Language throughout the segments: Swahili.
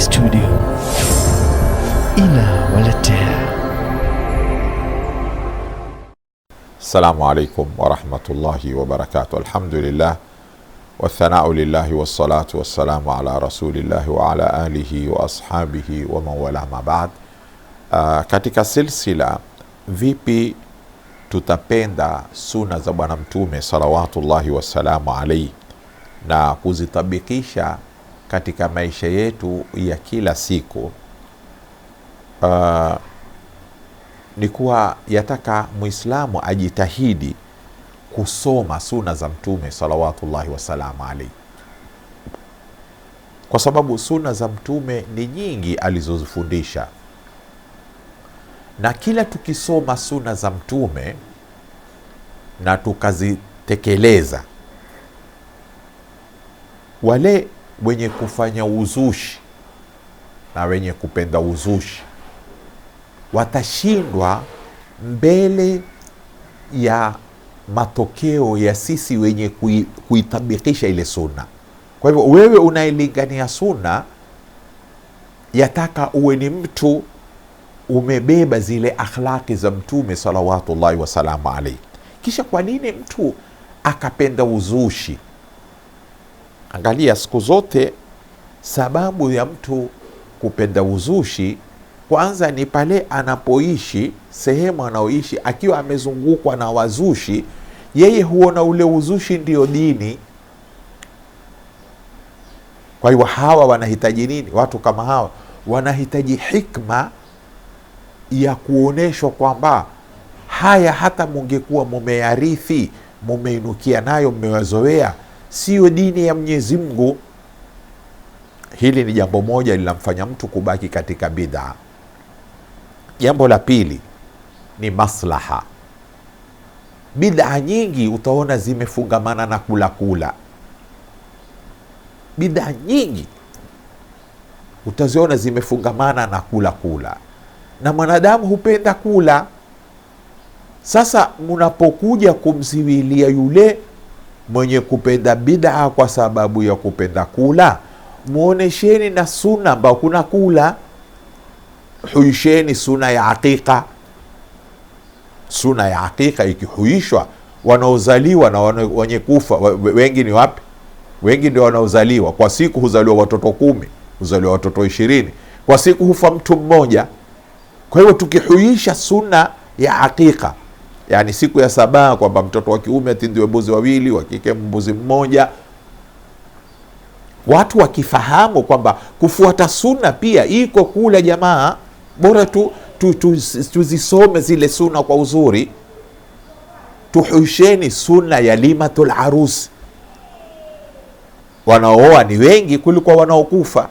Studio inawaletea. Assalamu alaikum warahmatullahi wabarakatu. Alhamdulillah wathanau lillahi wassalatu wassalamu ala rasulillahi wa ala alihi wa ashabihi wa mawala mabad. Uh, ah, katika silsila vipi tutapenda suna za Bwana Mtume salawatullahi wassalamu alaihi na kuzitabikisha katika maisha yetu ya kila siku uh, ni kuwa yataka Muislamu ajitahidi kusoma suna za Mtume salawatullahi wasalamu alaihi, kwa sababu suna za Mtume ni nyingi alizozifundisha, na kila tukisoma suna za Mtume na tukazitekeleza wale wenye kufanya uzushi na wenye kupenda uzushi watashindwa mbele ya matokeo ya sisi wenye kui, kuitabikisha ile sunna. Kwa hivyo wewe unailingania sunna, yataka uwe ni mtu umebeba zile akhlaki za Mtume salawatullahi wasalamu alaihi. Kisha kwa nini mtu akapenda uzushi? Angalia, siku zote sababu ya mtu kupenda uzushi kwanza ni pale anapoishi, sehemu anaoishi, akiwa amezungukwa na wazushi, yeye huona ule uzushi ndio dini. Kwa hiyo hawa wanahitaji nini? Watu kama hawa wanahitaji hikma ya kuonyeshwa kwamba haya hata mungekuwa mumeyarithi, mumeinukia nayo, mmewazoea siyo dini ya Mwenyezi Mungu. Hili ni jambo moja linamfanya mtu kubaki katika bidhaa Jambo la pili ni maslaha. bidhaa nyingi utaona zimefungamana na kula kula, bid'a nyingi utaziona zimefungamana na kula kula, na mwanadamu hupenda kula. Sasa munapokuja kumziwilia yule mwenye kupenda bidaa kwa sababu ya kupenda kula, muonesheni na suna ambao kuna kula, huisheni suna ya aqiqa. Suna ya aqiqa ikihuishwa, wanaozaliwa na wenye kufa wengi ni wapi? Wengi ndio wanaozaliwa kwa siku, huzaliwa watoto kumi, huzaliwa watoto ishirini kwa siku, hufa mtu mmoja. Kwa hiyo tukihuisha suna ya aqiqa yani siku ya sabaa kwamba mtoto wa kiume atindiwe mbuzi wawili, wa kike mbuzi mmoja. Watu wakifahamu kwamba kufuata suna pia iko kula jamaa, bora tu tuzisome tu, tu zile suna kwa uzuri. Tuhusheni suna ya limatu larusi Wanaooa ni wengi kuliko wanaokufa.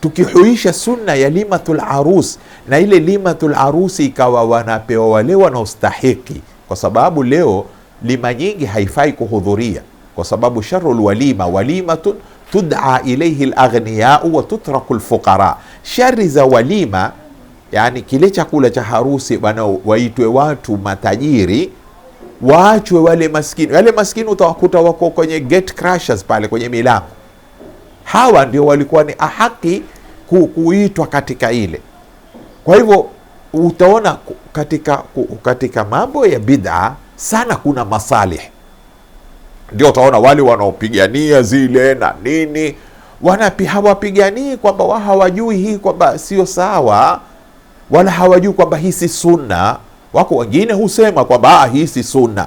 Tukihuisha sunna ya limatu larusi na ile limatu larusi ikawa wanapewa wale wanaostahiki, kwa sababu leo lima nyingi haifai kuhudhuria, kwa sababu sharul walima walimatun tud'a ilaihi laghniyau wa tutraku shari za walima yani kile chakula cha harusi bana, waitwe watu matajiri, waachwe wale maskini. Wale maskini utawakuta wako kwenye gate crashers pale kwenye milango. Hawa ndio walikuwa ni ahaki kuitwa katika ile. Kwa hivyo utaona katika, katika mambo ya bid'a sana kuna masalih, ndio utaona wale wanaopigania zile na nini wanapi hawapiganii kwamba wa hawajui hii kwamba sio sawa, wala hawajui kwamba hii si sunna. Wako wengine husema kwamba ah, hii si sunna,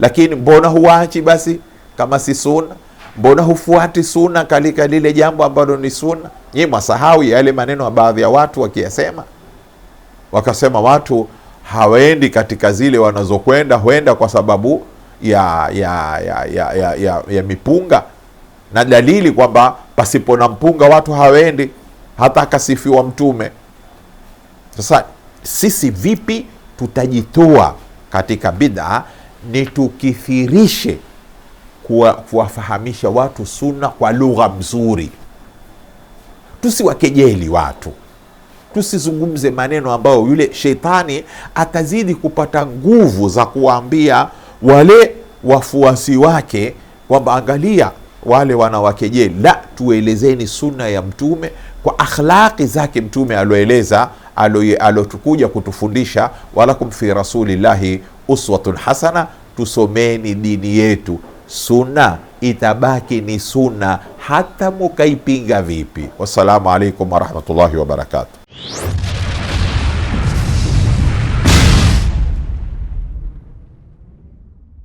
lakini mbona huwachi basi kama si sunna? Mbona hufuati sunna katika lile jambo ambalo ni sunna? nyi mwasahau yale maneno ya baadhi ya watu wakiyasema wakasema watu hawaendi katika zile wanazokwenda, huenda kwa sababu ya ya ya, ya, ya, ya, ya mipunga na dalili kwamba pasipo na mpunga watu hawaendi, hata akasifiwa Mtume. Sasa sisi vipi tutajitoa katika bidhaa Ni tukithirishe kuwafahamisha watu sunna kwa lugha mzuri, tusiwakejeli watu tusizungumze maneno ambayo yule shetani atazidi kupata nguvu za kuwaambia wale wafuasi wake kwamba angalia wale wanawakejeli. La, tuelezeni sunna ya Mtume kwa akhlaqi zake Mtume aloeleza alotukuja kutufundisha, walakum fi rasulillahi uswatun hasana, tusomeni dini yetu. Sunna itabaki ni sunna hata mukaipinga vipi. Wassalamu alaikum warahmatullahi wabarakatuh. you